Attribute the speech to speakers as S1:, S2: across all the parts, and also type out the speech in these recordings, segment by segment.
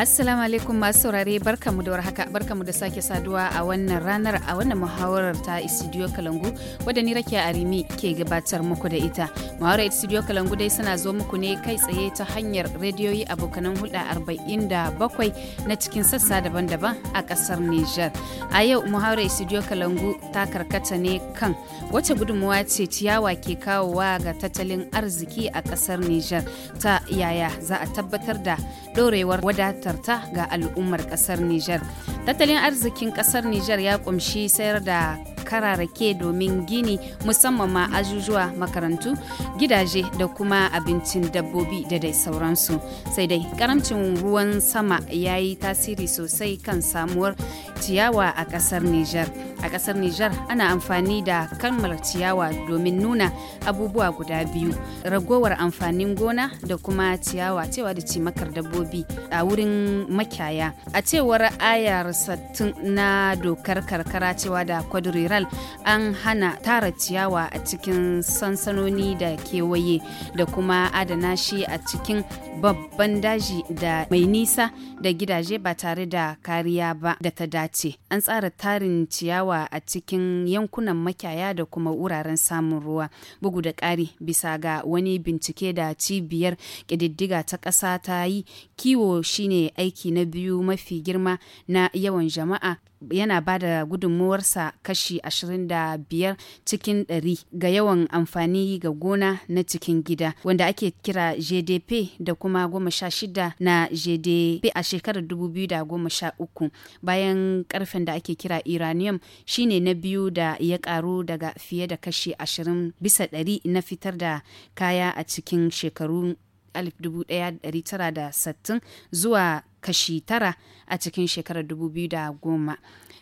S1: Assalamu alaikum masu saurare barkamu da warhaka barkamu da sake saduwa a wannan ranar a wannan muhawarar ta Studio Kalangu wadda ni Arimi ke gabatar muku da ita. Muhawarar Studio Kalangu dai suna zo muku ne kai tsaye ta hanyar rediyoyi abokanan hulɗa bakwai na cikin sassa daban-daban a ƙasar Niger. A yau muhawarar Studio Kalangu ta karkata ne kan wace gudunmawa ce ciyawa ke kawowa ga tattalin arziki a ƙasar Niger ta yaya za a tabbatar da ɗorewar wadatar fuskarta ga al'ummar kasar Nijar. Tattalin arzikin kasar Nijar ya kumshi sayar da kararrake domin gini musamman ma ajujuwa makarantu gidaje da kuma abincin dabbobi da dai sauransu sai dai karamcin ruwan sama ya yi tasiri sosai kan samuwar ciyawa a kasar nijar a kasar nijar ana amfani da kalmar ciyawa domin nuna abubuwa guda biyu ragowar amfanin gona da kuma ciyawa cewa da cimakar dabbobi a wurin makiyaya a cewar ayar sattin na dokar karkara cewa da kwadriral an hana tara ciyawa a cikin sansanoni da kewaye da kuma adana shi a cikin babban daji da mai nisa da gidaje ba tare da kariya ba da ta dace an tsara tarin ciyawa a cikin yankunan makiyaya da kuma wuraren samun ruwa bugu da ƙari bisa ga wani bincike da cibiyar ƙididdiga ta ƙasa ta yi kiwo shine aiki na biyu mafi girma na yawan jama'a yana ba da gudunmuwarsa kashi 25 cikin 100 ga yawan amfani ga gona na cikin gida wanda ake kira gdp da kuma 16 na gdp a shekarar 2013 bayan karfen da ake kira iranium shine na biyu da ya karu daga fiye da kashi 20 bisa 100 na fitar da kaya a cikin shekaru 1960 zuwa kashi tara a cikin shekarar 2010.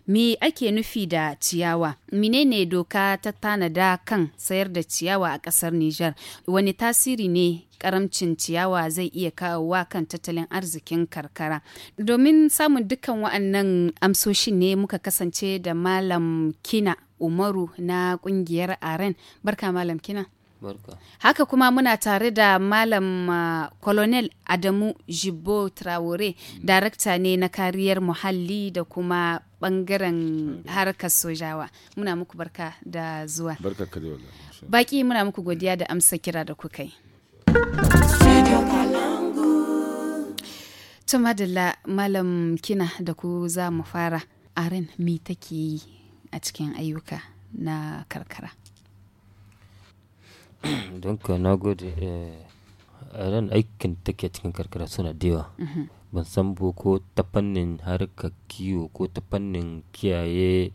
S1: Me ake nufi da ciyawa? Menene doka ta tanada kan sayar da ciyawa a kasar Nijar? Wani tasiri ne karamcin ciyawa zai iya kawowa kan tattalin arzikin karkara? Domin samun dukkan wa'annan amsoshin ne muka kasance da Malam Kina Umaru na kungiyar Aren. Barka Malam Kina. Haka kuma muna tare da Malam uh, Colonel Adamu Jibo Traore, mm. darakta ne na kariyar muhalli da kuma bangaren harkar sojawa. Muna muku barka da zuwa. Barka Baki muna muku godiya da amsa kira da kuka yi. Tumadala Malam Kina da ku za mu fara. Aren me take yi a cikin ayyuka na karkara?
S2: Don ka na gode, eh, ran aikin take cikin karkara suna da mm-hmm. Ban san bu ko ta fannin harkar kiwo ko ta fannin kiyaye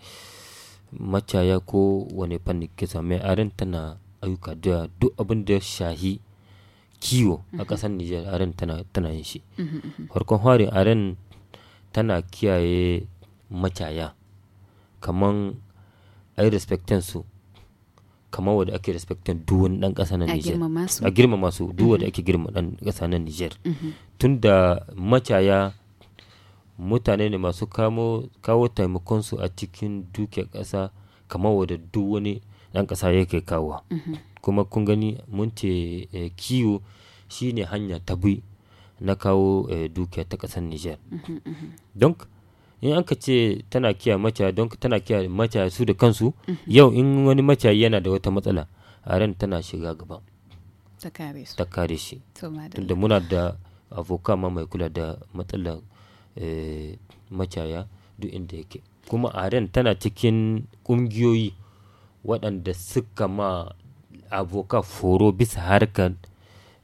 S2: macaya ko wane kisa mai a Aren tana ayyuka da duk abin da shahi kiwo a mm-hmm. ƙasar Nijar a tana, tana yin shi. Mm-hmm, Farkon a aren tana kiyaye macaya kaman ai respecting su kamar wadda ake respectin duwan dan ƙasa na Niger a girmama su duk wadda mhm. ake girma dan kasa na Niger mhm. tun da macaya mutane ne masu kawo taimakon su a cikin duke ƙasa kamar wadda duk wani dan ƙasa yake kawo mhm. kuma kun gani mun ce eh, kiwo shine hanya ta bi na kawo eh, duke ta ƙasar Niger. Donc in ka ce tana kiya maciya don tana kiya maciya su da kansu yau in wani maciyayi yana da wata matsala a ran tana shiga gaba
S1: ta kare shi tunda
S2: muna da avoka ma mai kula da matsalar eh, macaya duk inda yake kuma a ran tana cikin ƙungiyoyi waɗanda suka ma avoka foro bisa harkar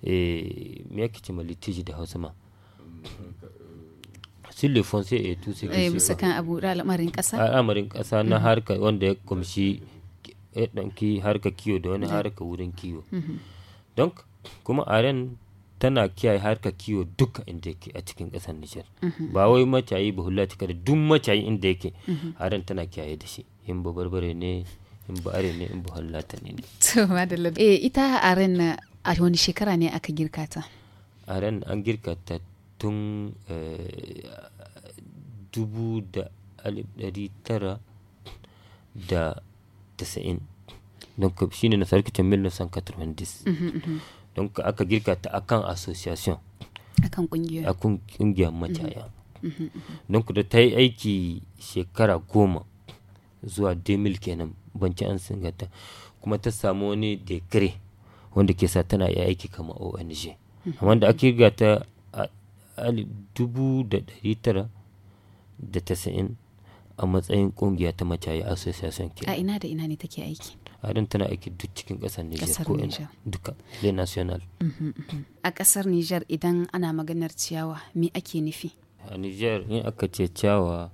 S2: eh, me yake ce ma litiji da hausa ma mm-hmm. sur Fonse foncier et tout ce qui bisa
S1: kan abu al'amarin kasa al'amarin kasa na mhm.
S2: harka wanda ya kumshi ya danki harka kiwo da wani harka wurin kiwo mhm. don kuma aren tana kiyaye harka kiwo duka inda yake a cikin kasar Nijar mhm. ba wai macayi ba hula cika da duk macayi inda yake aren tana kiyaye da shi in ba barbare ne in ba are ne in ba hula ta ne
S1: to madalla eh ita aren a wani shekara ne aka girka ta
S2: aren an girka ta tun eh, dubu da alif ɗari tara da tasa'in shi ne na sarki ta don ka aka girka ta akan association
S1: akan kungiya akan kungiyar mataya mm-hmm,
S2: mm-hmm, mm-hmm. ka da ta yi aiki shekara goma zuwa demil kenan banci an singata kuma ta samu wani dekare wanda ke sa tana iya aiki kama ong amma da aka girka ta 1990 a matsayin kungiya ta macaye association ke a
S1: ina da ina ne take aiki
S2: a tana aiki duk cikin kasar Nijar ko ina duka le national
S1: mhm, mhm. a kasar Nijar idan ana maganar ciyawa me ake nufi
S2: a Nijar in aka ce ciyawa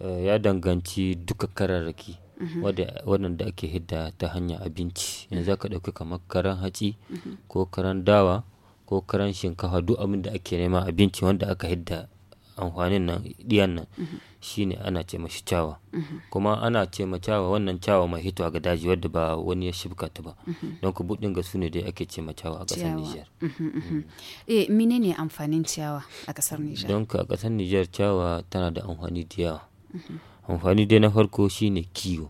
S2: eh, ya danganci duka kararraki mhm. waɗanda ake hidda ta hanyar abinci yanzu ka ɗauki kamar karan haci ko karan dawa ko karan shinkafa duk abin da ake nema abinci wanda aka hidda amfanin nan diyan nan shine ana ce mashi cawa kuma ana ce ma cawa wannan cawa mai hitowa ga daji wadda ba wani ya shibka ta ba don ku budin ga sune ne dai ake ce ma cawa a kasar Nijar
S1: mm-hmm, mm-hmm. Mm. eh menene amfanin cawa a kasar Nijar don
S2: ka a kasar Nijar cawa tana da amfani da yawa mm-hmm. amfani dai na farko shine kiwo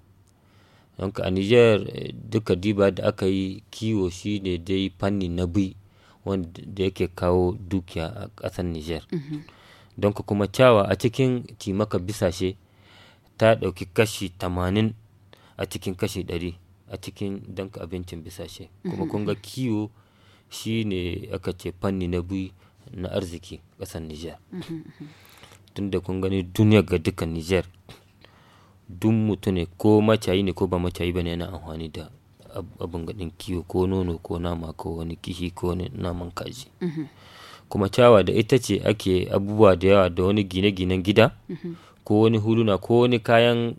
S2: don ka a Nijar eh, duka diba da aka yi kiwo shine dai fanni na bi wanda yake kawo dukiya a ƙasar nijar mhm. don kuma cawa a cikin cimaka bisashe ta ɗauki kashi tamanin a cikin kashi 100 a cikin danka abincin bisashe kuma mhm. kun ga kiwo shi ne aka ce fanni na biyu na arziki ƙasar Tun mhm, tunda kun gani duniya ga duka nijar duk mutu ne ko macayi ne ko ba macayi ba ne yana amfani da abin gaɗin kiwo ko nono ko nama ko wani kihi ko naman kaji mhm. kuma cawa da ita ce ake abubuwa da yawa da wani gine-ginen gida mhm. ko wani huluna ko wani kayan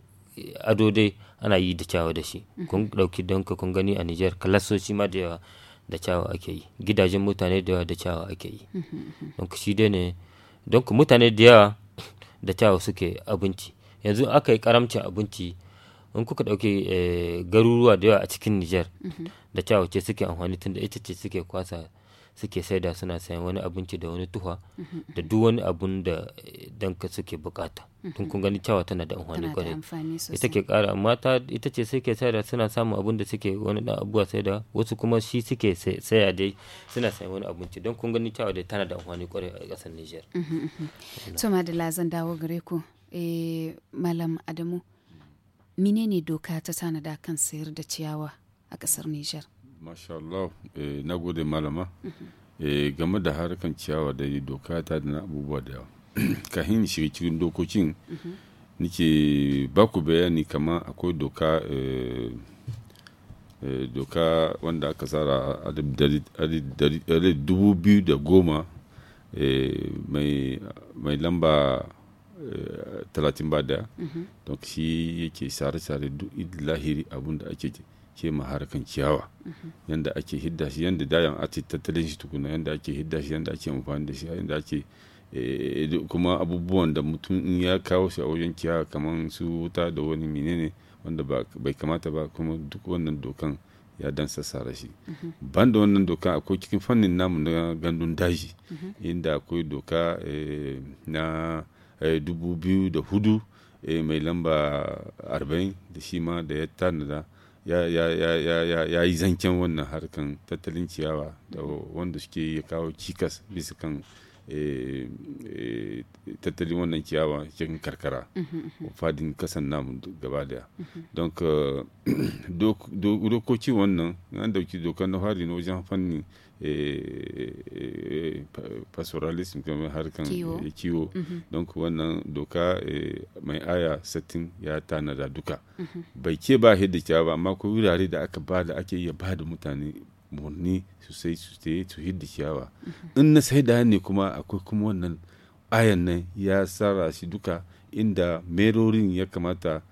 S2: ado dai ana yi da cawa da shi mhm. kun dauki don kun gani a Nijar kalasoci ma da yawa da cawa ake yi gidajen mutane da yawa da cawa ake yi don shi dai ne don mutane da yawa da cawa suke abinci yanzu aka yi karamcin abinci in kuka ɗauke eh, garuruwa da yawa a cikin Nijar. Mhm. da ce suke amfani tun da ita ce suke kwasa suke saida suna sayan wani abinci da wani tuha mhm. da duk wani abun da eh, danka suke bukata mhm. tun kun gani cewa tana da amfani kwarai ita ke kara mata ita ce suke saida suna samun abun da suke wani dan abuwa saida wasu kuma shi suke saya dai suna sayan wani abinci don kun gani cewa dai tana da amfani kwarai a kasar Niger.
S1: to madalla zan dawo gare ku eh, Malam Adamu. menene doka ta tanada kan sayar da ciyawa a kasar Nijar?
S3: Masha Allah, eh, na gode malama. Mhm. eh, game da harkan ciyawa da doka ta da abubuwa da yawa. Kahin shi cikin dokokin mm ba nike baku bayani kama akwai doka eh, eh, doka wanda aka tsara a dubu biyu da goma eh, mai lamba Eh, talatin ba daya don shi yake sare-sare duk lahiri abun da ake ke maharkan ciyawa yadda ake hidda shi yadda dayan ake tattalin shi tukuna yadda ake hidda shi yadda ake amfani da shi yadda ake eh, kuma abubuwan da mutum in ya kawo shi a wajen ciyawa kamar su wuta da wani menene wanda bai kamata ba kuma duk wannan dokan ya dan sassara shi ban da wannan doka akwai cikin fannin namu na gandun daji inda akwai doka eh, na 2004 eh, eh, mai lamba 40 da shi ma da ya tanada ya yi zancen wannan harkan tattalin ciyawa da wanda suke ya kawo cikas bisa kan eh, tattalin wannan ciyawa cikin karkara mm-hmm. fadin kasan namu gaba daya mm-hmm. don dokoki wannan an dauki dokar na fari na wajen fannin pastoralism kamar harkan kiwo don wannan doka mai aya satin ya tanada duka bai ke ba hidda ba amma ko wurare da aka ba da ake iya ba da mutane murni su sai su sai su hidda ba in na sai da ne kuma akwai kuma wannan ayan nan ya sara shi duka inda merorin ya kamata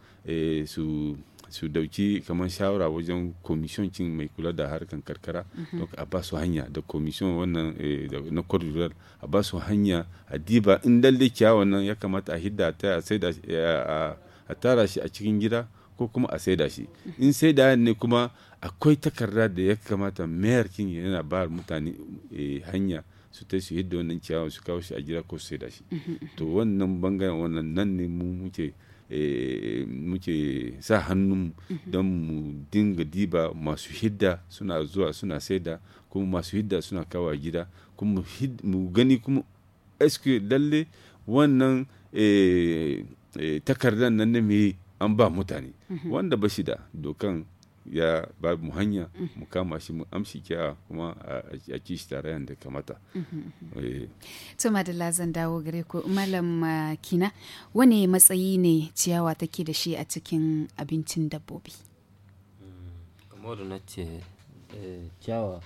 S3: su su dauki kamar shawara wajen komishon cin mai kula da harkan karkara mhm. don a ba su hanya da komishon wannan eh, na cordial a ba su hanya a diba in lalle kyawun nan ya kamata a hidda eh, a tara shi a cikin gida ko kuma a saida shi mhm. in saida ne kuma akwai takarda da ya kamata mayar kin yana ba mutane eh, hanya su ta su hidda wannan ciyawa su kawo shi a gida ko su saida shi mhm, to wannan bangaren wannan nan ne mu muke muke sa hannu don mu dinga diba masu hidda suna zuwa suna saida kuma masu hidda suna kawa gida kuma mu gani kuma eske lalle wannan eh, eh, takardar nan na me an ba mutane mhm. wanda ba shi da dokan ya ba mu hanya mm-hmm. mu kama shi mu amshi kya kuma a ci tare da kamata. Mm-hmm.
S2: Eh.
S1: To madalla zan dawo gare ku malam uh, kina wane matsayi ne ciyawa take da shi a cikin abincin dabbobi?
S2: Mm, kamar na ce eh, ciyawa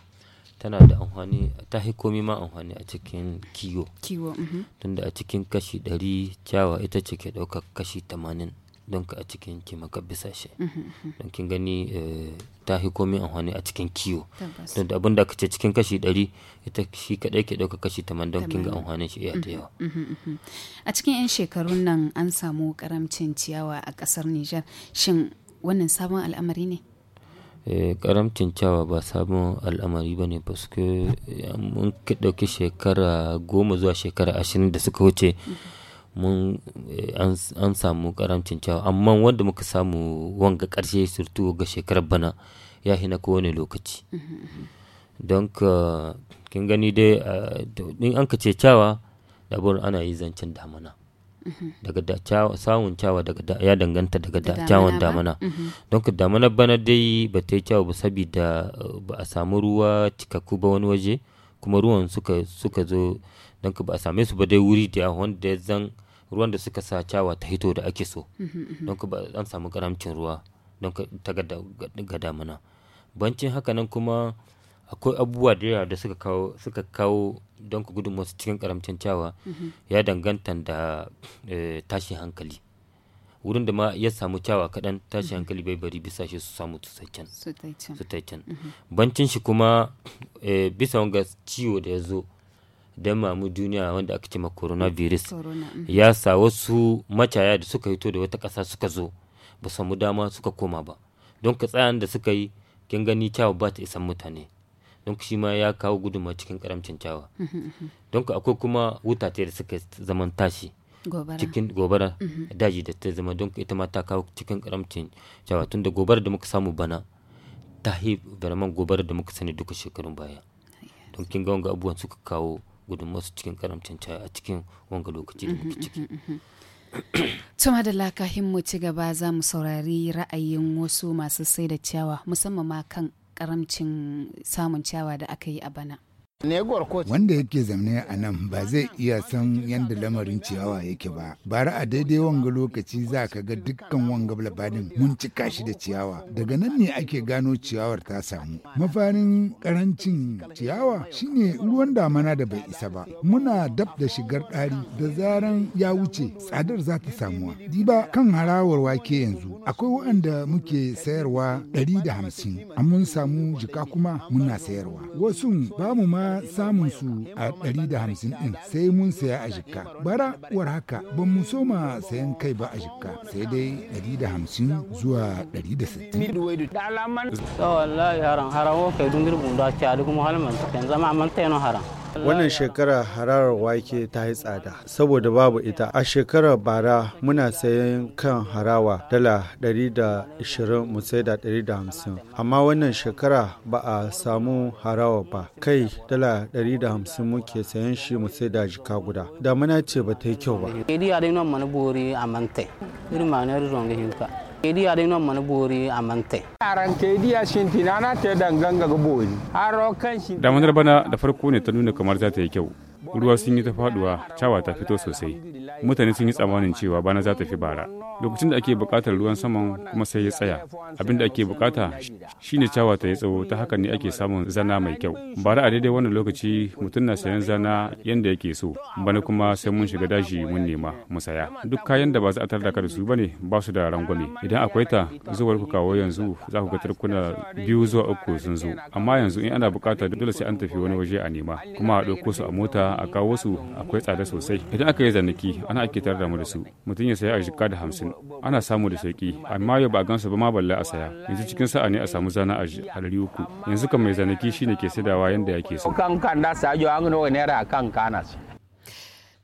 S2: tana da amfani ta komi ma amfani a cikin kiwo. Kiwo. Mm-hmm. Tunda a cikin kashi ɗari ciyawa ita ce ke ɗaukar kashi tamanin. don ka a cikin bisa shi mhm, mhm. don kin gani eh, ta hi komai wani a cikin kiwo don abin da aka ce cikin kashi ɗari ita shi kaɗai ke ɗauka kashi taman don kin ga wani shi iya da
S1: yawa mhm, a cikin 'yan shekarun nan an samu karamcin ciyawa a ƙasar nijar shin wannan sabon al'amari ne
S2: karamcin eh, ciyawa ba sabon al'amari ba ne eh, mun ɗauki shekara goma zuwa shekara ashirin da suka wuce mun eh, an samu karamcin cewa amma wanda muka samu wanga karshe surtu ga shekarar bana ya hina kowane lokaci don kin gani dai in an ka ce ciyawa dabar ana yi zancen damana daga da samun ciyawa ya danganta daga cewa damana mhm. don ka damana bana dai ba ta yi cewa ba saboda eh, ba a samu ruwa cikakku ba wani waje kuma ruwan suka zo don ka ba a same su ba dai wuri da wanda ya zan ruwan da suka sa cawa ta hito da ake so mhm, mhm, mhm. don ba an samu karamcin ruwa don ta gada mana bancin haka nan kuma akwai abubuwa da yawa da suka kawo suka kawo don ku gudun wasu cikin karamcin cawa ya danganta da eh, tashi hankali wurin da ma ya samu cawa kaɗan tashi hankali bai bari bisa shi su samu su taicen bancin shi kuma eh, bisa wanga ciwo da ya zo don mamu duniya wanda aka ce ma coronavirus mm. ya sa wasu macaya da suka hito da wata ƙasa suka zo ba samu dama suka koma ba don ka tsayan da suka yi kin gani kyawu ba ta isan mutane don shi ma ya kawo guduma cikin karamcin kyawa mm-hmm, mm-hmm. don ka akwai kuma wuta da suka zaman tashi cikin gobara mm-hmm. daji da ta zama don ita ma ta kawo cikin karamcin kyawa tun da gobara da muka samu bana ta hi gobara da muka sani duka shekarun baya don kin ga wanga abubuwan suka kawo gudunmawarsu cikin karamcin caya a cikin wanga lokaci da muke
S1: ciki tuma da lakahin mu ci gaba za mu saurari ra'ayin wasu masu sai da ciyawa musamman ma kan karamcin samun ciyawa da aka yi a bana
S2: Wanda yake zamne a nan ba zai iya san yadda lamarin ciyawa yake ba. Bara a daidai wanga lokaci za ka ga dukkan wanga labarin mun cika shi da ciyawa. Daga nan ne ake gano ciyawar ta samu. Mafarin karancin ciyawa shine ruwan damana da bai isa ba. Muna dab da shigar ɗari da zaran ya wuce tsadar za ta samuwa. Diba kan harawar wake yanzu akwai waɗanda muke sayarwa ɗari da hamsin. An mun samu jika kuma muna sayarwa. Wasu ba mu ma kuma samun su a 150 din sai mun saya a jikka bara war haka ban mu ma sayan kai ba a jikka sai
S3: dai 150 zuwa
S2: 160 wallahi haran kai dungir bunda ci kan zama man haram Wannan
S3: shekara hararar wake ta yi tsada saboda babu ita. A shekarar bara muna sayan kan harawa dala 120 mu sai da 150. Amma wannan shekara ba a samu harawa ba. Kai dala 150 muke sayan shi mu sai da jika guda. damana ce ba ta yi kyau ba.
S2: kedi ade no mana bori amante aran kedi a tinana na
S3: te danganga ga bori
S2: haro kan shi
S3: da manar bana da farko ne ta nuna kamar za ta yi kyau ruwa sun yi ta faduwa cawa ta fito sosai mutane sun yi tsammanin cewa bana za ta fi bara lokacin da ake bukatar ruwan saman kuma sai ya tsaya abin da ake bukata shine cawa ta yi tsawo ta haka ne ake samun zana mai kyau bara a daidai wannan lokaci mutum na sayan zana yanda yake so bana kuma sai mun shiga daji mun nema mu saya duk kayan da ba za a tarda ka da su bane ba su da rangwame idan akwai ta zuwar ku kawo yanzu za ku ga tarkuna biyu zuwa uku sun zo amma yanzu in ana bukata dole sai an tafi wani waje a nema kuma a ɗauko su a mota a kawo su akwai tsada sosai idan aka yi zanaki ana ake tare da mu da su mutum ya saya a jikka da hamsin ana samu da sauki amma yau ba gansu ba ma balla a saya yanzu cikin sa'a ne a samu zana a ɗari uku yanzu kan mai zanaki shine ke saidawa yanda yake so.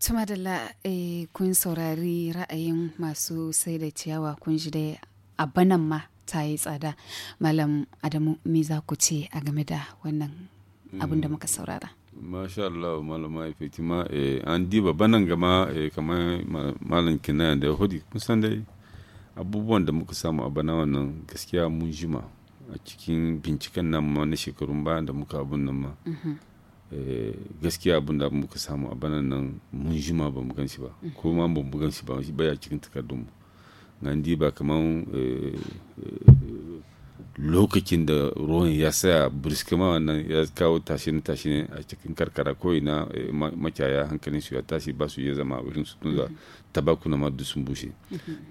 S1: Tuma da la kun saurari ra'ayin masu sai da ciyawa kun ji dai a banan ma ta yi tsada malam adamu me za ku ce a game da wannan abin da mm. muka saurara.
S3: Masha Allah malama eh, an diba banan gama eh, kamar malam kinaya da yahudi kusan dai abubuwan da muka samu a bana wannan gaskiya mun jima a cikin binciken nan ma na shekarun ba da muka abun nan ma mhm. eh, gaskiya abun da muka samu a bana nan mun jima ba mu ganshi ba mhm. ko ma ba mu ganshi ba shi baya cikin takardun an diba kamar eh, lokacin da ruwan ya saya briskama wannan ya kawo tashi tashin a cikin karkara ko ina eh, makiyaya hankalin su ya tashi ba su iya zama wurin su tunza tabaku na madu sun bushe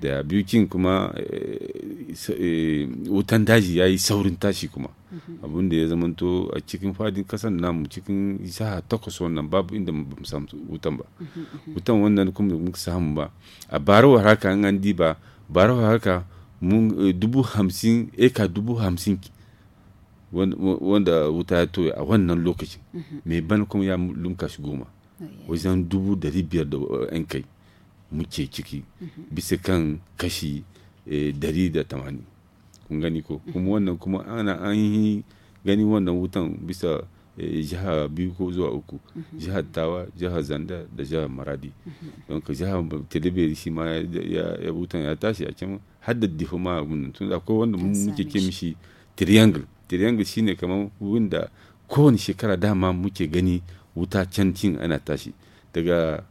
S3: da biyu kin kuma eh, eh, wutan daji ya yi saurin tashi kuma abin da ya zamanto a cikin fadin kasan namu cikin jiha takwas wannan babu inda ba mu samu wutan ba wutan wannan kuma muka samu ba a barawa haka an an diba barawa haka mun eh, dubu hamsin eka dubu hamsin wanda wuta ya toye a wannan lokacin mai mhm. ban kuma ya lumka shi goma oh, wajen dubu dari biyar da yan eh, kai muke ciki mhm. bisa kan kashi eh, dari da tamanin kun gani ko mhm. kuma wannan kuma ana an yi gani wannan wutan bisa jiha biyu ko zuwa uku jihar tawa jihar zanda da jihar maradi don ka jihar telebiyar shi ma ya wutan ya tashi a can har da difa ma abin tun akwai wanda muke ke mishi triangle triangle shine kamar wurin da kowane shekara dama muke gani wuta can cin ana tashi daga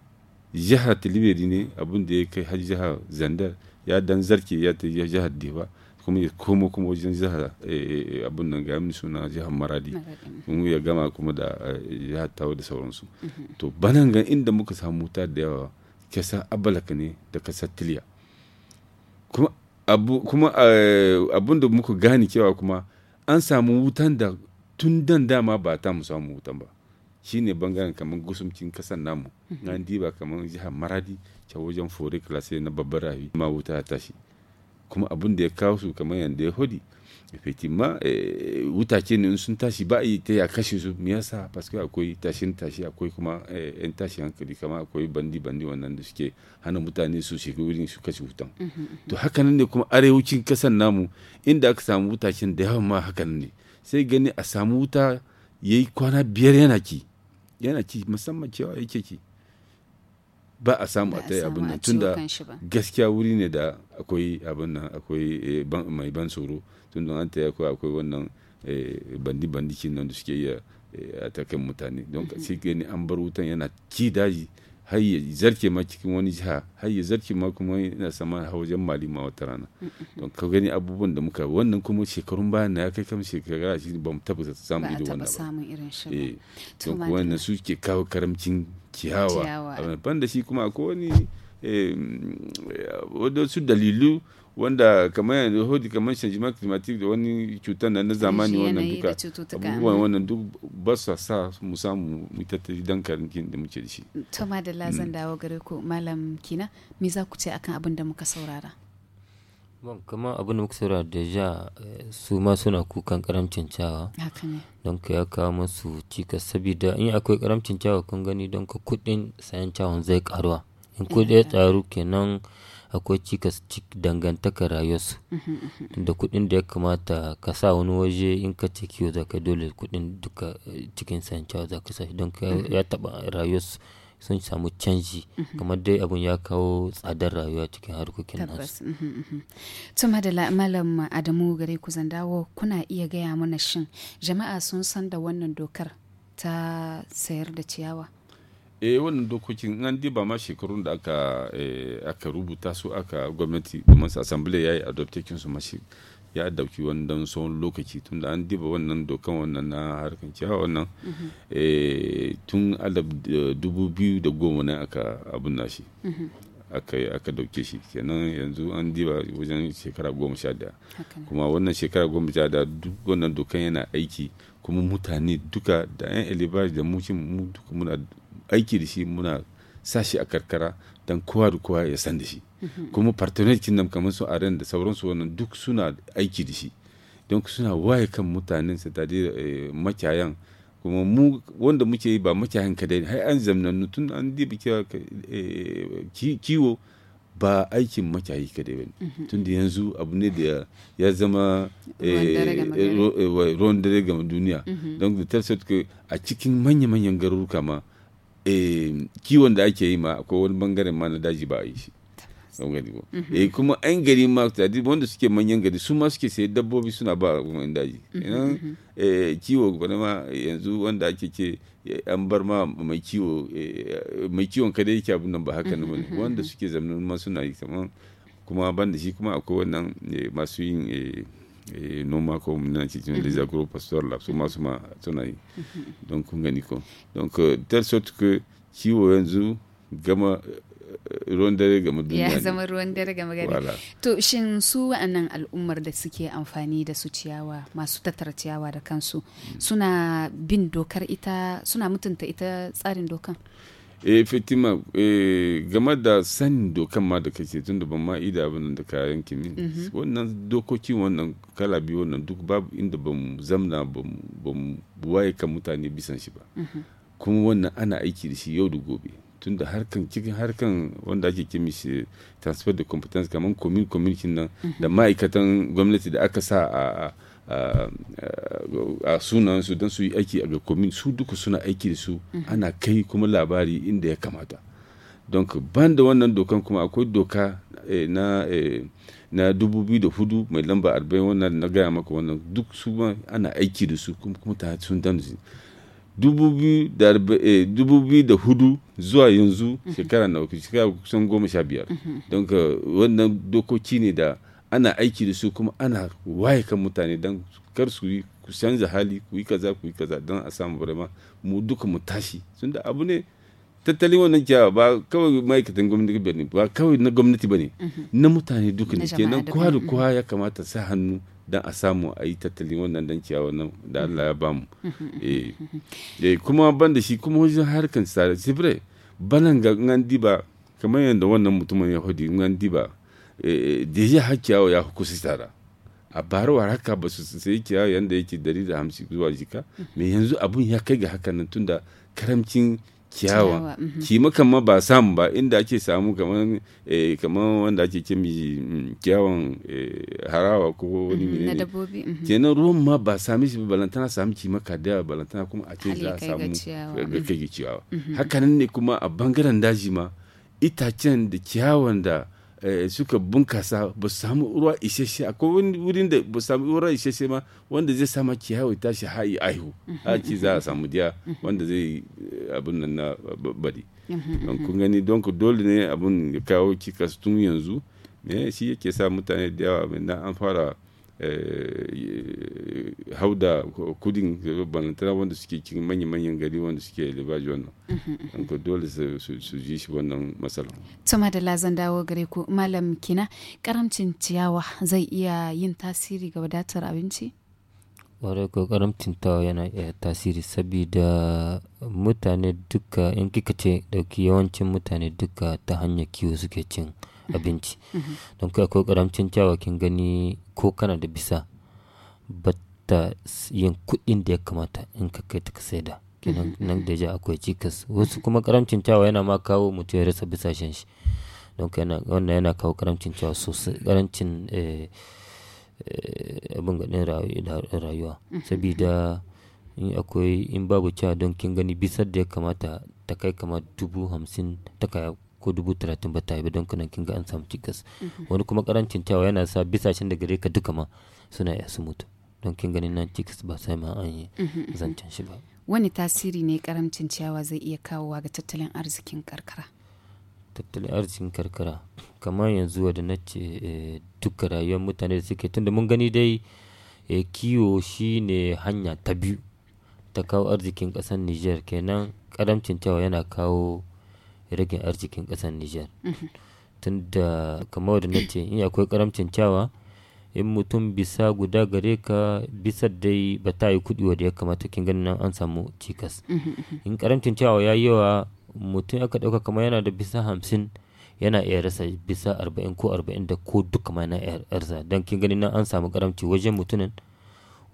S3: jihar tilibiri ne abin ya kai har jihar zandar ya dan zarke ya ta jihar difa kuma ya komo kuma wajen jihar eh, eh, abin nan ga min suna jihar maradi kuma ya gama kuma da eh, jihar tawo da sauransu mhm. to banan ga inda muka samu wuta da yawa kasa abalaka ne da kasar tiliya kuma abu kuma eh, abin da muka gane cewa kuma an samu wutan da tun dan dama ba ta mu samu wutan ba shine bangaren kamar gusumcin kasan namu nan mhm. ba kamar jihar maradi ta wajen fore klasi na babbar rahi ma wuta ta tashi kuma abun da ya kawo su kamar yadda ya hodi effectivement wutace ne sun tashi ba yi ta ya kashe su me yasa paske akwai tashin tashi akwai kuma yan tashi hankali kama akwai bandi bandi wannan da suke hana mutane su shiga wurin su kashe wutan to mhm, mhm, mhm. hakanan ne kuma arewacin kasan namu inda aka samu wutacen da yawan ma hakanan ne sai gani a samu wuta yayi kwana biyar yana ki yana ki musamman cewa yake ki ba a samu a taya abin nan tunda gaskiya wuri ne da akwai abin nan akwai eh, mai ban tsoro tunda an taya akwai akwai wannan eh, bandi bandiki nan da suke a eh, takan mutane don mm-hmm. sai gani an bar wutan yana ci daji har ya zarke ma cikin wani jiha har ya zarke ma kuma yana sama a wajen mali ma wata rana mm-hmm. don ka gani abubuwan da muka wannan kuma shekarun bayan na ya kai kama shekara shi ba mu tabbata samu ido wannan
S1: ba eh don kuwa
S3: su ke kawo karamcin ciyawa ban da shi kuma ko wani wadansu dalilu wanda kamar yanzu hodi kamar jima climatic da wani cutar na zamani wannan duka abubuwan wannan duk ba su sa mu samu mu tattali dan karinkin da muke da
S1: shi to da zan mm. dawo gare ku malam kina me za ku ce akan abin da muka saurara
S2: Bon kama abin da muka saura da ja eh, su ma suna kukan karamcin cawa. Don ka ya kawo masu cikas sabida in akwai karamcin cawa kun gani don ka kuɗin sayan cawan zai karuwa. In kuɗi ya tsaru kenan akwai cikas dangantaka rayuwarsu. Da kuɗin da ya kamata ka sa wani waje in ka ce kiwo za ka dole kuɗin duka eh, cikin sayan cawa za ka sa don ka ya taɓa rayuwarsu. sun samu canji mhm. kamar dai abun ya kawo tsadar rayuwa cikin harkokin nasu
S1: tuma mhm, mhm. da malam adamu gare ku zandawo kuna iya gaya mana shin jama'a sun san da wannan dokar ta sayar da ciyawa
S3: eh wannan dokokin an diba ma shekarun da eh, aka rubuta su aka gwamnati domin assembly yayi adoptekin su ya dauki wannan tsawon lokaci tun da an diba wannan dokan wannan na harkar ciyawa wannan mhm. eh, tun alab eh, dubu biyu da goma ne aka abun nashi mhm. aka dauke shi kenan yanzu an diba wajen shekara goma sha daya kuma wannan shekara goma sha daya duk wannan dokan yana aiki kuma mutane duka da yan elibar da mu duka muna aiki da shi muna sashi a karkara dan kowa da kowa ya san da shi mhm. kuma partner kingdom nan kamar su aren da sauransu wannan duk suna aiki da shi don suna waye kan mutanen su da eh, makiyayan kuma mu wanda muke yi ba makiyayan kadai har an zamnannu tun an biki eh, kiwo ba aikin makiyayi kadai ba bane mhm. tun da yanzu abu ne da ya zama ruwan dare eh, ga duniya mhm. don da a cikin manya-manyan garuruka ma Eh, kiwon da ake yi ma ko wani bangaren ma na daji ba a yi shi e, kuma yan gari ma wanda suke manyan gari su ma suke sayi dabbobi suna ba kuma daji mhm, idan mhm. Eh, kiwo gwane ma yanzu wanda ake ke an bar ma mai kiwo mai kiwon kada yake abin nan ba haka ne bane wanda suke zamanin ma suna yi kuma ban da shi kuma akwai wannan masu yin E noma ko muna cikin les mhm. agro pasteur la suma suma su ma suna yi don mhm. kun gani ko donc euh, tel sorte que ciwo yanzu gama euh, ruwan dare game duniya ya zama ruwan dare game gari
S1: to shin su wa'annan al'ummar da suke amfani da su ciyawa masu tattara ciyawa da kansu mm. suna bin dokar ita suna mutunta ita tsarin dokan
S3: eh fitima eh, game da sanin dokan ma da kake tun da ban ma ida abin da ka yanke min mhm. wannan dokoki wannan kala biyu wannan duk babu inda ban zamna ban waye kan mutane bisan shi ba mhm. kuma wannan ana aiki da shi yau da gobe tun da harkan cikin harkan wanda ake kimi shi transfer da competence kamar komin komin nan da mhm. ma'aikatan gwamnati da aka sa a a su don su yi aiki a ga komin su duka suna aiki da su mhm. ana kai kuma labari inda ya kamata don ban da wannan dokan kuma akwai doka e, na e, na hudu mai lamba 40 wannan na gaya maka wannan duk su ma ana aiki da su kuma ta sun da 2004 e, zuwa yanzu mhm. shekara na shekara kusan goma sha biyar mhm. don ka wannan dokoki ne da ana aiki da su kuma ana waye kan mutane don kar su yi ku canza hali ku yi kaza ku yi kaza don a samu barama mu duka mu tashi sun da abu ne tattalin wannan kyawa ba kawai ma'aikatan gwamnati ba ne ba kawai na gwamnati ba ne mhm. na mutane duka ne kenan kowa da kowa mhm. ya kamata sa hannu don a samu a yi tattalin wannan dan ciyawa nan da mhm. Allah ya bamu eh. eh kuma ban da shi kuma wajen harkar sa sibre banan ga ngandi ba kamar yadda wannan mutumin ya ngandi ba Eh, da ya haƙƙi kiyawo ya hukusa tara a barowar haka ba su sai yawo yadda yake dari da hamsin zuwa jika mai yanzu abun ya kai ga haka nan da karamcin kiyawa makan mhm. ma ba samu ba inda ake samu kamar eh, wanda ake ce mm, kiyawan eh, harawa ko wani mhm, ne mhm. kenan ruwan ma ba sami shi balantana samu maka da yawa balantana kuma a ce za a samu ga kai ciyawa hakanan ne kuma a bangaren daji ma itacen da kiyawan da Eh, suka bunkasa ba su samu ruwa isheshe akwai wani wurin da ba samu ruwa isheshe ma wanda zai sama kiyawai tashi ha'i aihu mhm. haki za a samu diya mhm. wanda zai eh, abin nan na bari mhm, don kun gani don ku dole ne abin ya kawo kikas tun yanzu me eh, shi yake sa mutane da yawa na an fara Eh, Hauda da kudin balantana wanda suke cikin manya-manyan gari wanda suke libaji wannan an mm-hmm. ko dole su ji shi wannan matsala.
S1: tuma da lazan dawo gare ku malam kina karamcin ciyawa zai iya yin tasiri ga wadatar abinci
S2: warai ko karamcin tawa yana iya tasiri saboda mutane duka in kika ce dauki yawancin mutane duka ta hanyar kiwo suke cin abinci mhm. don kai akwai karamcin cewa kin gani ko kana da bisa ba ta yin kuɗin da ya kamata in ka kai ta ka saida kenan mhm, nan mhm. da ja akwai cikas wasu kuma karamcin cewa yana ma kawo mutum ya rasa shan shi don kai wannan yana kawo karamcin cewa sosai karamcin eh, eh, abin gaɗin rayuwa sabida in akwai in babu cewa don kin gani bisa da ya kamata ta kai kamar dubu hamsin ta kaya ko dubu talatin ba ta yi ba don kin ga an samu cikas mhm. wani kuma karancin cewa yana sa bisashen da gare ka duka ma suna iya su mutu don kin ganin nan cikas ba sai ma an yi mhm, mhm, zancen shi ba
S1: wani tasiri ne karamcin ciyawa zai iya kawowa ga tattalin arzikin karkara
S2: tattalin arzikin karkara kamar yanzu da na ce eh, duka rayuwar mutane da suke tunda mun gani dai eh, kiwo shi ne hanya ta biyu ta kawo arzikin ƙasar niger kenan karamcin cewa yana kawo rage arzikin ƙasar Nijar. Mhm. Tun da kamar da na ce in akwai karamcin cewa in mutum bisa guda gare ka bisa dai ba ta yi kuɗi wadda ya kamata kin ganin nan an samu cikas. Mhm, mhm. In karamcin cewa ya yi yawa mutum aka ɗauka kama yana da bisa hamsin yana iya rasa bisa arba'in ko arba'in da ko duka ma yana iya rasa don kin ganin nan an samu karamci wajen mutumin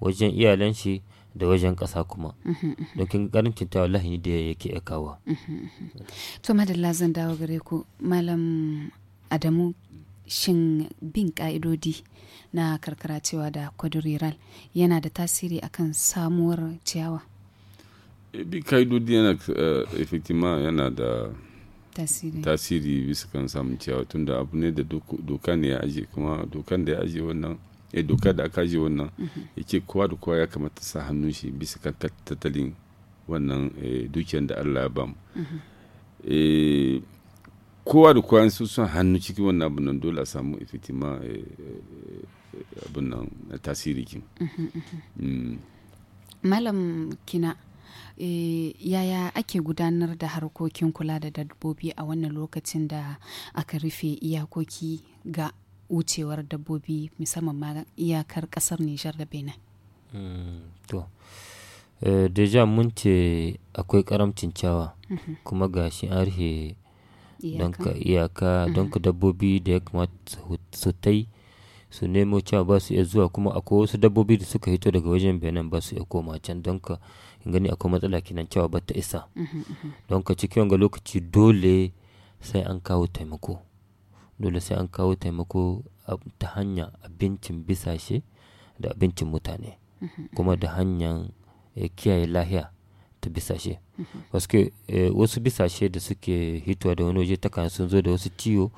S2: wajen iyalan shi da wajen ƙasa kuma mhm, mhm. dokin kin karancin ta lahini da yake ya kawo
S1: mhm, to madalla zan dawo gare ku malam adamu shin bin ka'idodi na karkara cewa da kwaduriral yana da tasiri akan samuwar ciyawa
S3: eh, bin ka'idodi yana eh, efektima yana da tasiri tasiri bisa kan samun ciyawa tunda abu ne da doka ne ya aje kuma dokan da ya aje wannan ya doka da aka ji wannan ya ce kowa da kowa ya kamata sa hannun shi bisa kan tattalin wannan eh, dukiyar da allah ya bamu eh, kowa da kowa su son hannu cikin wannan abin nan dole a samu effectivement eh, abin nan tasiri kin mm.
S1: malam kina yaya ake gudanar da harkokin kula da dabbobi a wannan lokacin da aka rufe iyakoki ga wucewar dabbobi musamman ma iyakar kasar nijar da benin
S2: mm, to eh, deja mun ce akwai karamcin ciyawa mhm. kuma ga shi an don ka iyaka mhm. don ka dabbobi da ya kamata su su nemo cewa ba su iya zuwa kuma akwai wasu dabbobi da suka hito daga wajen benin ba su iya koma can don ka gani akwai matsala kinan cewa ba ta isa mhm, don ka cikin wanga lokaci dole sai an kawo taimako dole sai an kawo taimako ta hanya abincin bisashe da abincin mutane mhm. kuma da hanyar eh, kiyaye lahiya ta bisashe mhm. wasu eh, bisashe da suke hitowa da wani waje kan sun zo da wasu ciwo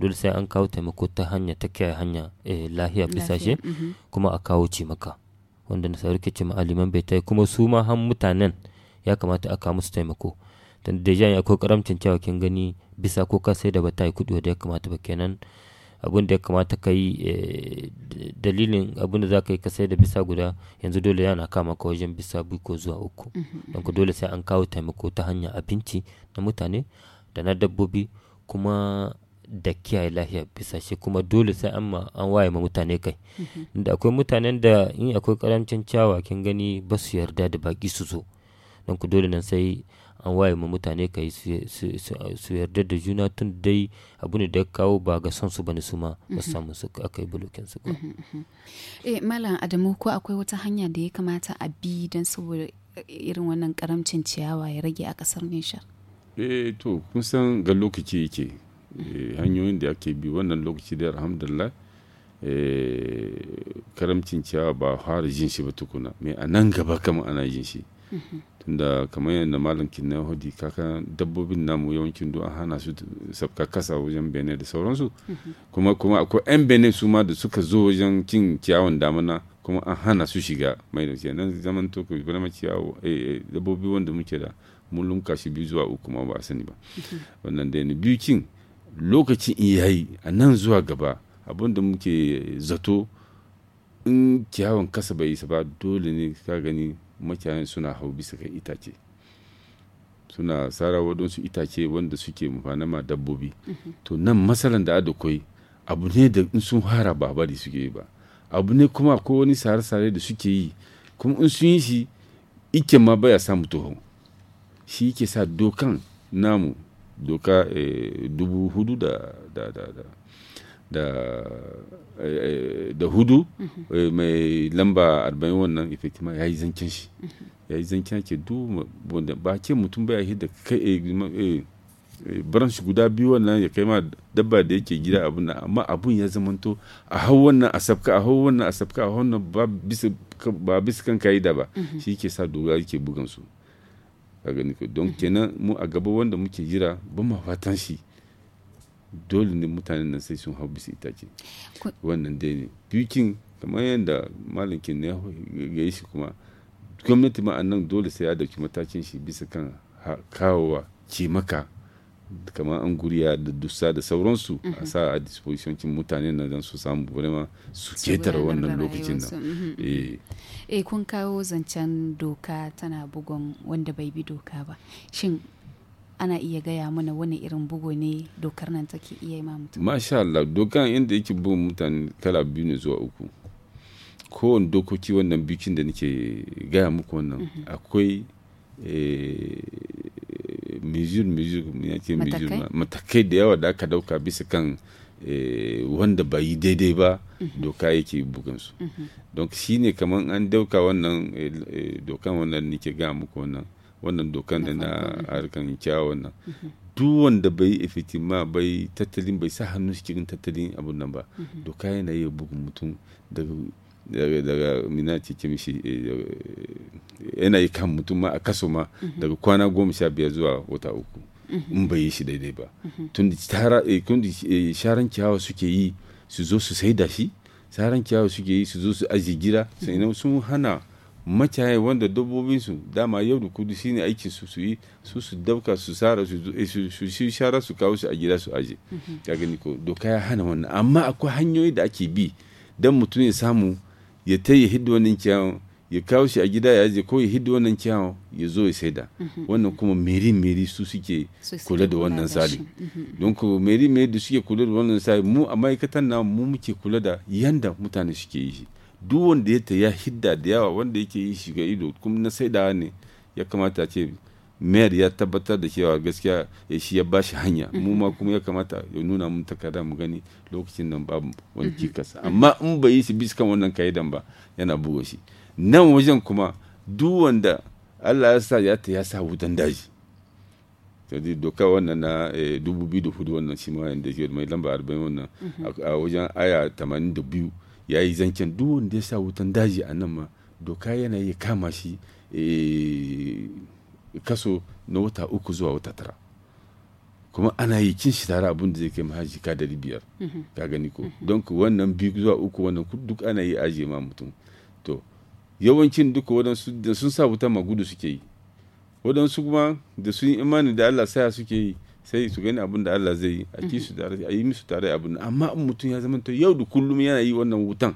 S2: dole sai an kawo taimako ta hanya ta kiyaye hanya eh, lahiya bisashe mhm. kuma a kawo cimaka wanda na sauri ke cima aliman bai tai kuma su ma han mutanen ya kamata a kawo musu taimako da ya akwai karamcin cewa kin gani bisa ko ka sai da ba ta yi kuɗi wadda ya kamata ba kenan abin da ya kamata ka yi eh, dalilin abin da za ka yi ka sai da bisa guda yanzu dole yana kama ka wajen bisa biyu ko zuwa uku mm-hmm. don ku dole sai an kawo taimako ta hanyar abinci na mutane da na dabbobi kuma da kiyaye lahiya bisa shi kuma dole sai an ma an waye ma mutane kai mm-hmm. da akwai mutanen da in akwai karancin ciyawa kin gani ba su yarda da baki su zo don ku dole nan sai an waye ma mutane ka yi su yarda da juna tun dai abu ne da kawo ba ga son su bane su ma ba mhm. samu su aka yi bulokin su ba. Mhm, mhm.
S1: eh malam adamu ko akwai wata hanya da ya kamata a bi don saboda eh, irin wannan karamcin ciyawa ya rage a kasar nishar.
S2: eh
S3: to kun san ga lokaci yake eh, hanyoyin da ake bi wannan lokaci da alhamdulillah karamcin eh, ciyawa ba fara jin shi ba tukuna mai a nan gaba kama ana jin shi tunda kamar yadda malam kinnan hudi kaka dabbobin namu yawancin duk hana su sabka kasa wajen bene da sauransu mhm. kuma kuma akwai yan benin su ma da suka zo wajen cin ciyawan damuna kuma an hana su shiga mai da nan zaman to ku zama ciyawo eh, eh, dabbobi wanda muke da mun lunka shi biyu zuwa uku ma ba a sani ba mhm. wannan dai ne biyu cin lokacin iyayi a nan zuwa gaba abin da muke zato in ciyawan kasa bai isa ba dole ne ka gani makiyayan suna hau bisa kan itace suna sara waɗansu itace wanda suke ma dabbobi mhm. to nan matsalan da ada koi abu ne da in sun fara ba bari suke yi ba abu ne kuma ko wani sare-sare da suke yi kuma in sun yi shi ike ma baya samu toho shi yake sa dokan namu doka eh, dubu hudu da da eh, eh, da hudu mhm. eh, mai lamba 40 wannan effectivement ya yi zancen shi mhm. ya yi zancen ke wanda ba ke mutum ba ya hidda kai branch guda biyu wannan ya kai ma dabba da yake gida abun nan amma abun ya zamanto a hau wannan a safka a hau wannan a safka a hau wannan ba bisa ba bisa kan ka'ida ba mhm. shi ke sa dogara yake bugan su a gani don kenan mu a gaba wanda muke jira ba ma fatan shi dole ne mutanen nan sai sun hau bisa itace wannan dai ne bikin kamar yadda ne ya yi shi kuma gwamnati ma nan dole sai ya dauki matakin shi bisa kan kawowa cimaka kamar an guriya da dusa da sauransu a mhm. sa a disposition mutane na don su samu ma su ketar wannan lokacin nan mhm. eh.
S1: eh kun kawo zancen doka tana bugon wanda bai bi doka ba shin ana iya gaya mana wani irin bugu ne dokar nan take iya ma mutum
S3: masha Allah dokar inda yake bugun mutane kala biyu ne zuwa uku kowane dokoki wannan bikin da nake gaya muku wannan mhm. akwai mizur mizur yake mizur matakai da yawa da aka dauka bisa kan eh, wanda ba yi daidai ba mhm. doka yake bugansu mhm. don shi ne kamar an dauka wannan eh, eh, dokan wannan nake gaya muku wannan wannan dokan da na eh. harkan kyawun nan duk wanda bai efiti ma bai tattalin bai sa hannu cikin tattalin abun nan ba mhm. doka yana yi bugun mutum daga mina ce mishi eh, eh, yana yi kan mutum ma a kaso ma mhm. daga kwana goma sha biyar zuwa wata uku mhm. in bai yi shi daidai ba tun da sharan ciyawa suke yi su zo su saida shi sharan kyawa suke yi su zo su aji gira sun hana macaye wanda dabbobinsu dama yau da kudu shine aikin su su yi su su dauka su sara su eh, su shara su kawo su a gida su aje mhm. ka gani ko doka ya hana wannan amma akwai hanyoyi da ake bi dan mutum ya samu ya ta ya hidda wannan kiyawo ya kawo shi a gida ya aje ko ya hidda wannan kiyawo ya zo ya saida mhm. wannan kuma meri meri su suke kula da wannan tsari mhm. don ko meri meri da suke kula da wannan tsari mu a ma'aikatan na mu muke kula da yanda mutane suke yi duk wanda ya ya hidda da yawa wanda yake yi shiga ido kuma na sai ne ya kamata ce mayar ya tabbatar da cewa gaskiya ya eh, shi ya bashi hanya mm-hmm. mu ma kuma ya kamata ya nuna mun takarda mu gani lokacin nan babu wani mm-hmm. cikas amma in bai yi shi bisa kan wannan kaidan ba yana buga shi nan wajen kuma duk wanda Allah ya sa ya ta ya sa wutan daji jadi doka wannan na eh, dubu biyu da hudu wannan shi ma yanda mai lamba arba'in wannan mm-hmm. a wajen aya tamanin da biyu ya yi zancen duk wanda ya sa wutan daji a nan ma doka yana iya kama shi eh, kaso na wata uku zuwa wata tara kuma ana yi kin shi tare abin da zai kai mahaji ka dari biyar mhm. ka gani ko mhm. don ku wannan biyu zuwa uku wannan duk ana yi aje ma mutum to yawancin duka waɗansu da sun sa wutan magudu suke yi waɗansu kuma da sun imani da Allah saya suke yi sai su gani abin da Allah zai yi a ci su tare a yi musu tare abin amma in mutum ya zama yau da kullum yana yi wannan wutan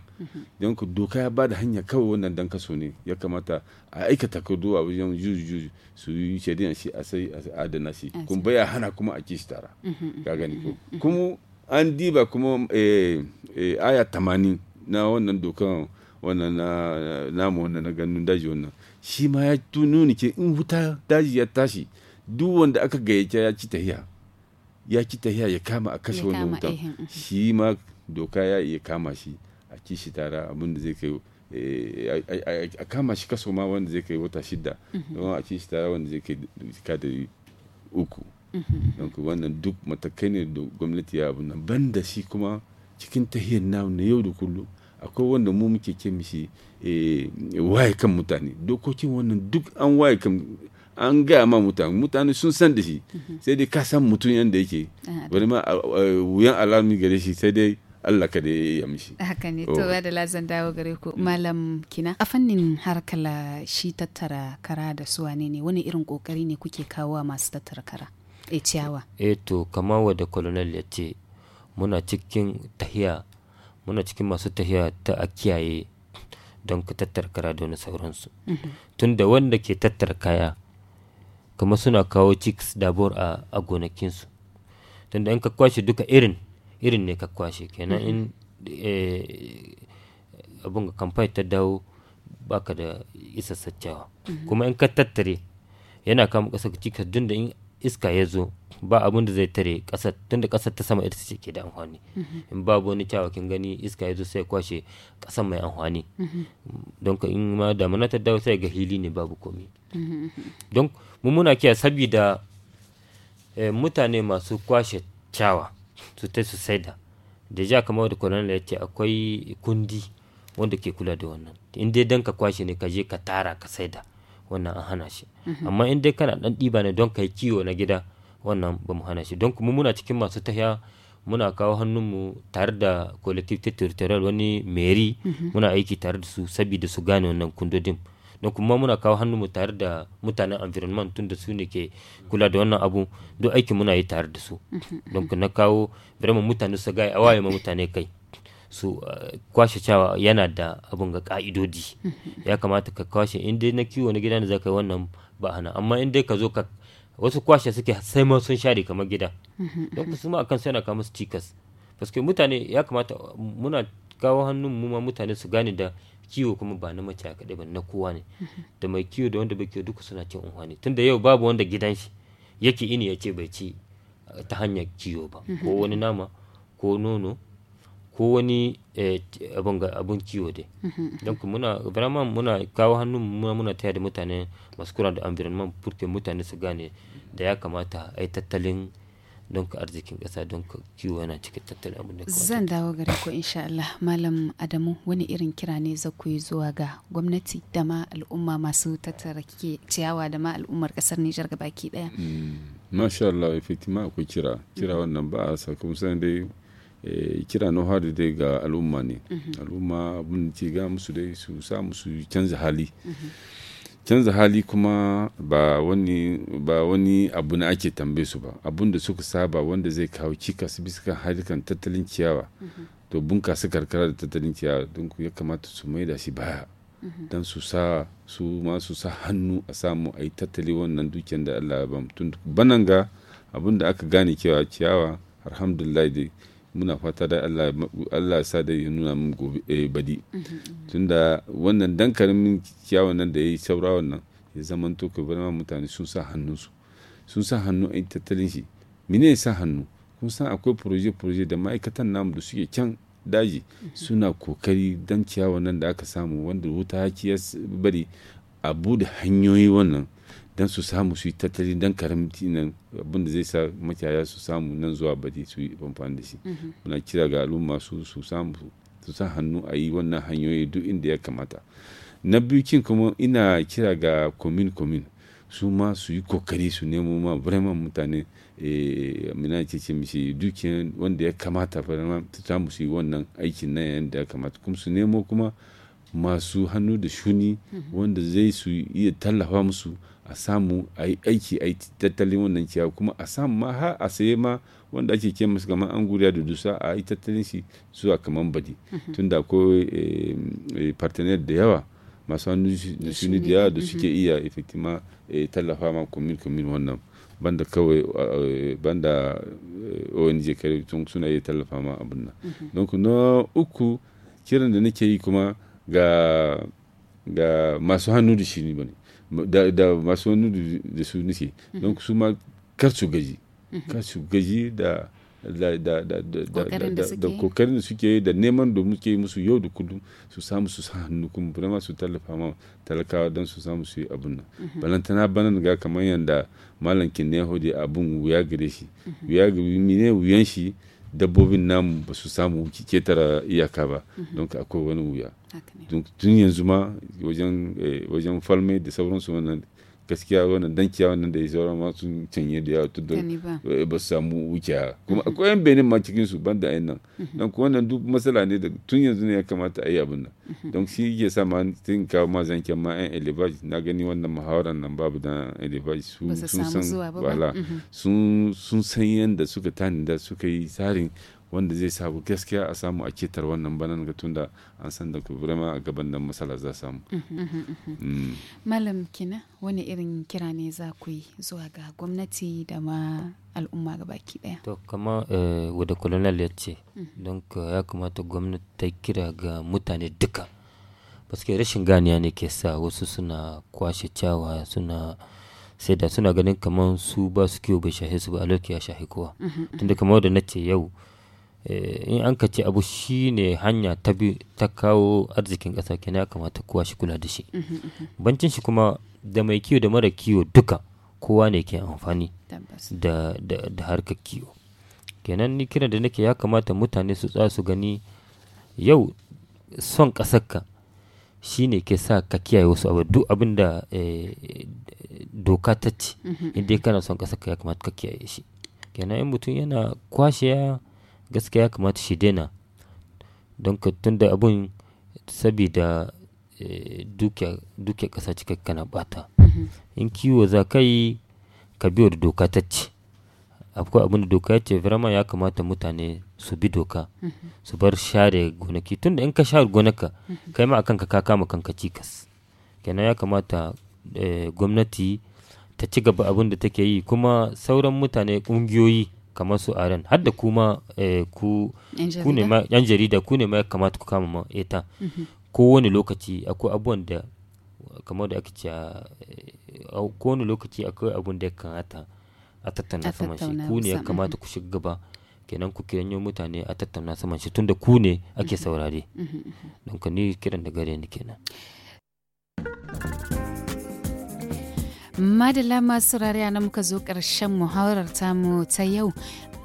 S3: don ku doka ya bada hanya kawai wannan dan kaso ne ya kamata a aikata ka a wajen juju su yi shari'a shi a sai a adana shi kun baya hana kuma a ci su tare ka gani ko kuma an diba kuma eh, eh, aya tamanin na wannan dokan wannan namu wannan na ganin daji wannan shi ma ya nuni ke in wuta daji ya tashi duk wanda aka gayyace ya ci tahiya ya ci tahiya ya kama a kashe wannan wuta eh, eh, eh. shi ma doka ya iya kama shi a ci shi tara abin da zai kai a kama shi kaso ma wanda zai kai wata shida mhm. don a ci shi tara wanda zai kai jika da uku mhm. don ku wannan duk matakai ne da gwamnati ya abin nan ban da shi kuma cikin tahiyar na yau da kullum akwai wanda mu muke ce mishi waye kan mutane dokokin wannan duk an waye kan an gaya ma mutane mutane sun san da shi mhm. sai dai ka san mutum yadda yake wani ma wuyan alamun gare shi sai dai Allah ka da ya
S1: mishi. Haka ne, oh. to da lazan dawo gare ku. Malam Kina, a fannin harkala shi tattara kara da suwa ne ne, wani irin kokari ne kuke kawo masu tattara kara? E ciyawa.
S2: E to, kama wadda kolonel ya ce, muna cikin tahiya, muna cikin masu tahiya ta a kiyaye don ka tattara kara da wani sauransu. Mhm. Tunda wanda ke tattara kaya, kamar suna kawo chicks dabor a, a gonakinsu tunda in ka kwashe duka irin irin ne ka kwashe kenan in eh, abin ga kamfani ta dawo baka da isa saccawa mm-hmm. kuma in ka tattare yana kama ka cikas dun da in iska ya zo ba abin da zai tare kasar tunda kasar ta sama ita ce ke da amfani mhm. in babu wani kyawakin gani iska ya zo sai kwashe kasar mai amfani mhm. don ka in ma damuna ta dawo sai ga hili ne babu komi mhm, don mu muna kiya saboda eh, mutane masu kwashe kyawa su ta su saida da ja kamar da kwanan da akwai kundi wanda ke kula da wannan in dai dan ka kwashe ne ka je ka tara ka saida wannan an hana shi mhm. amma in dai kana dan ɗiba ne don kai kiwo na gida wannan ba mu hana shi don kuma muna cikin masu tahiya muna kawo hannunmu tare da collective territorial wani meri mhm. muna aiki tare da su saboda su gane wannan kundodin na kuma muna kawo hannunmu tare da mutanen environment tun da su ne ke kula da wannan abu duk aiki muna yi tare da su mhm. don na kawo vraiment mutane su gaya awaye ma mutane kai su uh, kwashe cewa yana da abin ga ka'idodi mm-hmm. ya kamata ka kwashe in na kiwo na gida da za ka yi wannan ba hana amma in dai ka zo ka wasu kwashe suke sai ma sun share kamar gida mm-hmm, don ku suma akan sai na kama su cikas paske mutane ya kamata muna kawo hannun mu ma mutane su gane da kiwo kuma ba na mace kaɗai ba na kowa ne mm-hmm. da mai kiwo da wanda bai kiwo duka suna cin unwa ne da yau babu wanda gidan shi yake ini ya ce bai ci uh, ta hanyar kiwo ba ko wani nama ko nono ko wani eh, abun kiwo dai mm-hmm. don muna vraiment muna kawo hannun muna muna taya da mutane masu kura da environment furke mutane su gane da ya kamata a yi tattalin don ka arzikin kasa don ka kiwo yana cikin tattalin abin da zan
S1: dawo gare ku insha Allah malam Adamu wani irin kira ne za ku yi zuwa ga gwamnati da ma al'umma masu tattara ciyawa da ma al'ummar ƙasar Nijar gabaki daya mm,
S3: masha Allah effectivement akwai kira kira wannan ba a sakamakon dai Eh, kira na hari dai ga al'umma ne mhm. al'umma abin ke ga musu dai su sa musu canza hali mhm. canza hali kuma ba wani abu na ake tambaye su ba abun da suka saba wanda zai kawo cikas bisa harkar tattalin ciyawa mhm. to bunkasa karkara da tattalin ciyawa don ya kamata su mai da shi baya don su sa su masu sa hannu a samu a yi tattali wannan dukiyar da Allah ya ba mutum banan ga abin da aka gane cewa ciyawa alhamdulillah dai muna fata da Allah ya sa da ya nuna mu gobe eh, badi mm-hmm, mm-hmm. tun da wannan dan min kyawun nan da ya yi saura wannan ya zama to ka bar mutane sun sa hannu su sun sa hannu a tattalin shi mine sa hannu kun san akwai proje proje da ma'aikatan namu da suke can daji mm-hmm. suna kokari dan kyawun nan da aka samu wanda wuta haki ya bari a bude hanyoyi wannan don su samu su yi tattali don karamci nan abinda zai sa makiyaya su samu nan zuwa bade su yi amfani da shi mm-hmm. muna kira ga al'umma su su samu su sa hannu a yi wannan hanyoyi duk inda ya kamata na biyu kin kuma ina kira ga komin komin su ma su yi kokari su nemo ma vraiment mutane mina eh, ce ce mishi dukiyar wanda ya kamata vraiment su samu su yi wannan aikin nan yadda ya kamata kuma su nemo kuma masu hannu da shuni mm-hmm. wanda zai su iya tallafa musu a samu a yi aiki a yi tattalin wannan ciyawa kuma a samu ma ha a saye ma wanda ake ke masu kamar an guriya da dusa a yi tattalin shi zuwa kamar badi da ko partner da yawa masu hannu da shuni da yawa da mhm. suke iya efektima eh, tallafa ma kumin kumin wannan banda kawai eh, banda eh, ong kare suna iya tallafa ma abin nan mhm. don na uku kiran da nake yi kuma ga masu hannu da shuni bane da masu wani da su nike don su ma kar su gaji kar su gaji da da kokarin da suke da neman da muke musu yau da kullum su samu su sa hannu kuma burama su tallafa ma talakawa don su samu su yi abun nan mhm. balantana banan ga kamar yadda malam kinne hode abun wuya gare shi wuya gare mine wuyan shi dabbobin namu ba su samu ketara iyaka ba mhm. don akwai wani wuya tun yanzu ma wajen eh, falme da sauransu wannan gaskiya wannan dan kiya nan da ya sauran ma sun canye da yawa tun da ba su samu wukiya kuma mm-hmm. akwai yan benin ma cikin su banda ayin nan mm-hmm. dan kuma wannan duk matsala ne da tun yanzu ne ya kamata a yi abin nan mm-hmm. don shi ya sa ma tun kawo ma zanken ma yan elevage na gani wannan muhawaran nan babu dan elevage sun san wala sun san yanda suka tanida suka yi tsarin wanda zai sabu gaskiya a samu a ketar wannan banan ga tunda an san da ku a gaban nan matsala za samu mm.
S1: malam kina wani irin kira ne za ku yi zuwa ga gwamnati da ma al'umma ga baki daya to
S2: kama eh, wadda colonel ya ce don ya kamata gwamnati ta kira ga mutane duka paske rashin ganiya ne ke sa wasu suna kwashe cawa suna sai da suna ganin kamar su ba su kiwo bai shahe su ba a lokaci ya shahe kowa tunda kamar da na ce yau Eh, in an ka ce abu shi ne hanya ta bi ta kawo arzikin ƙasa kenan ya kamata kowa shi kula da shi uhm, uhm, uhm. bancin shi kuma da mai kiwo da mara kiwo duka kowa ne ke amfani da, da, da harkar kiwo kenan ni kiran da nake ya kamata mutane su tsaya su gani yau son ƙasarka shi ne ke sa ka kiyaye wasu abu duk abin da eh, doka ta ce inda kana son ƙasarka ya kamata ka kiyaye shi kenan in mutum yana kwashe ya gaskiya ya kamata shi daina don ka tunda abun sabida eh, duke kasa cikin na bata mm-hmm. in kiwo za ka yi ka biyo da doka ta ce akwai abin da doka ya ce firama ya kamata mutane su bi doka mm-hmm. su bar share gonaki tunda in ka share gonaka mm-hmm. kai ma akan ka kama kanka cikas kenan ya kamata eh, gwamnati ta ci gaba abin da take yi kuma sauran mutane ƙungiyoyi kamar su a ran hadda kuma eh, ku ne ma yan jarida ku ne ma ya kamata ku kama ma eta mhm. wani lokaci akwai abubuwan da kamar da ake cewa eh, wani lokaci akwai abun da ya kamata a tattauna saman shi ku ne ya kamata ku shiga gaba kenan ku kiranyo mutane a tattauna saman shi tunda ku ne ake mhm. saurare mhm, don ka ni kiran da gare ni kenan
S1: Madalla masu rariya na muka zo ƙarshen muhawarar tamu ta yau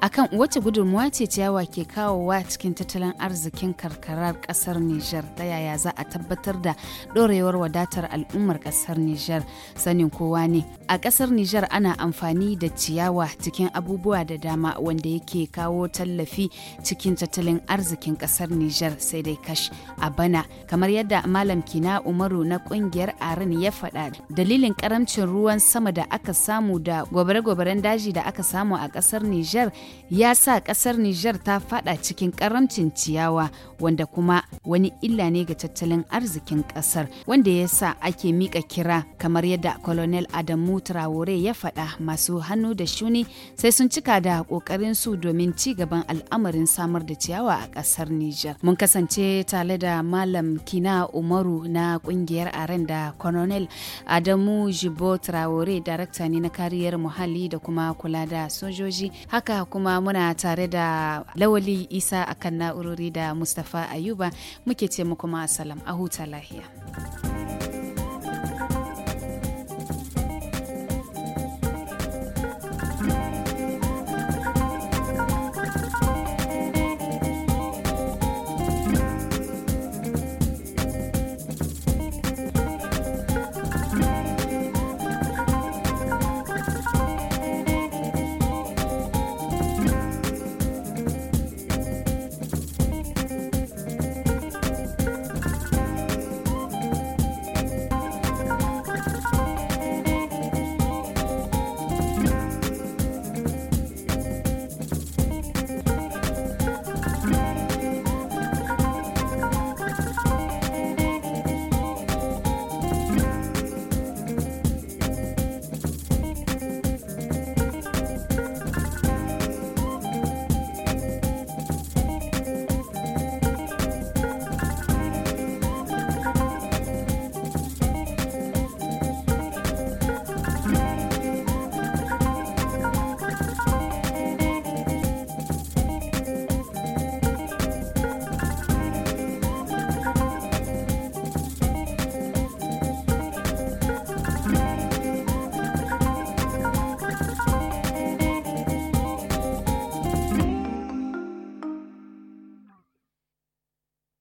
S1: akan wace gudunmuwa ce ciyawa ke kawowa cikin tattalin arzikin karkarar kasar Nijar ta yaya za a tabbatar da ɗorewar wadatar al'ummar kasar Nijar sanin kowa ne a kasar Nijar ana amfani da ciyawa cikin abubuwa da dama wanda yake kawo tallafi cikin tattalin arzikin kasar Nijar sai dai kash a bana kamar yadda malam Kina Umaru na kungiyar Arin ya faɗa dalilin karamcin ruwan sama da aka samu da gobare-gobaren daji da aka samu a kasar Nijar ya sa ƙasar Nijar ta fada cikin karamcin ciyawa wanda kuma wani illa ne ga tattalin arzikin ƙasar wanda ya sa ake mika kira kamar yadda Colonel Adamu Traore ya faɗa masu hannu da shuni sai sun cika da ƙoƙarin su domin ci gaban al'amarin samar da ciyawa a ƙasar Nijar. Mun kasance tare da Malam Kina Umaru na ƙungiyar Aren da Colonel Adamu Jibo Traore, darakta ne na kariyar muhalli da kuma kula da sojoji. Haka kuma kuma muna tare da Lawali Isa akan na'urori da Mustapha Ayuba muke ce muku ma a huta lahiya.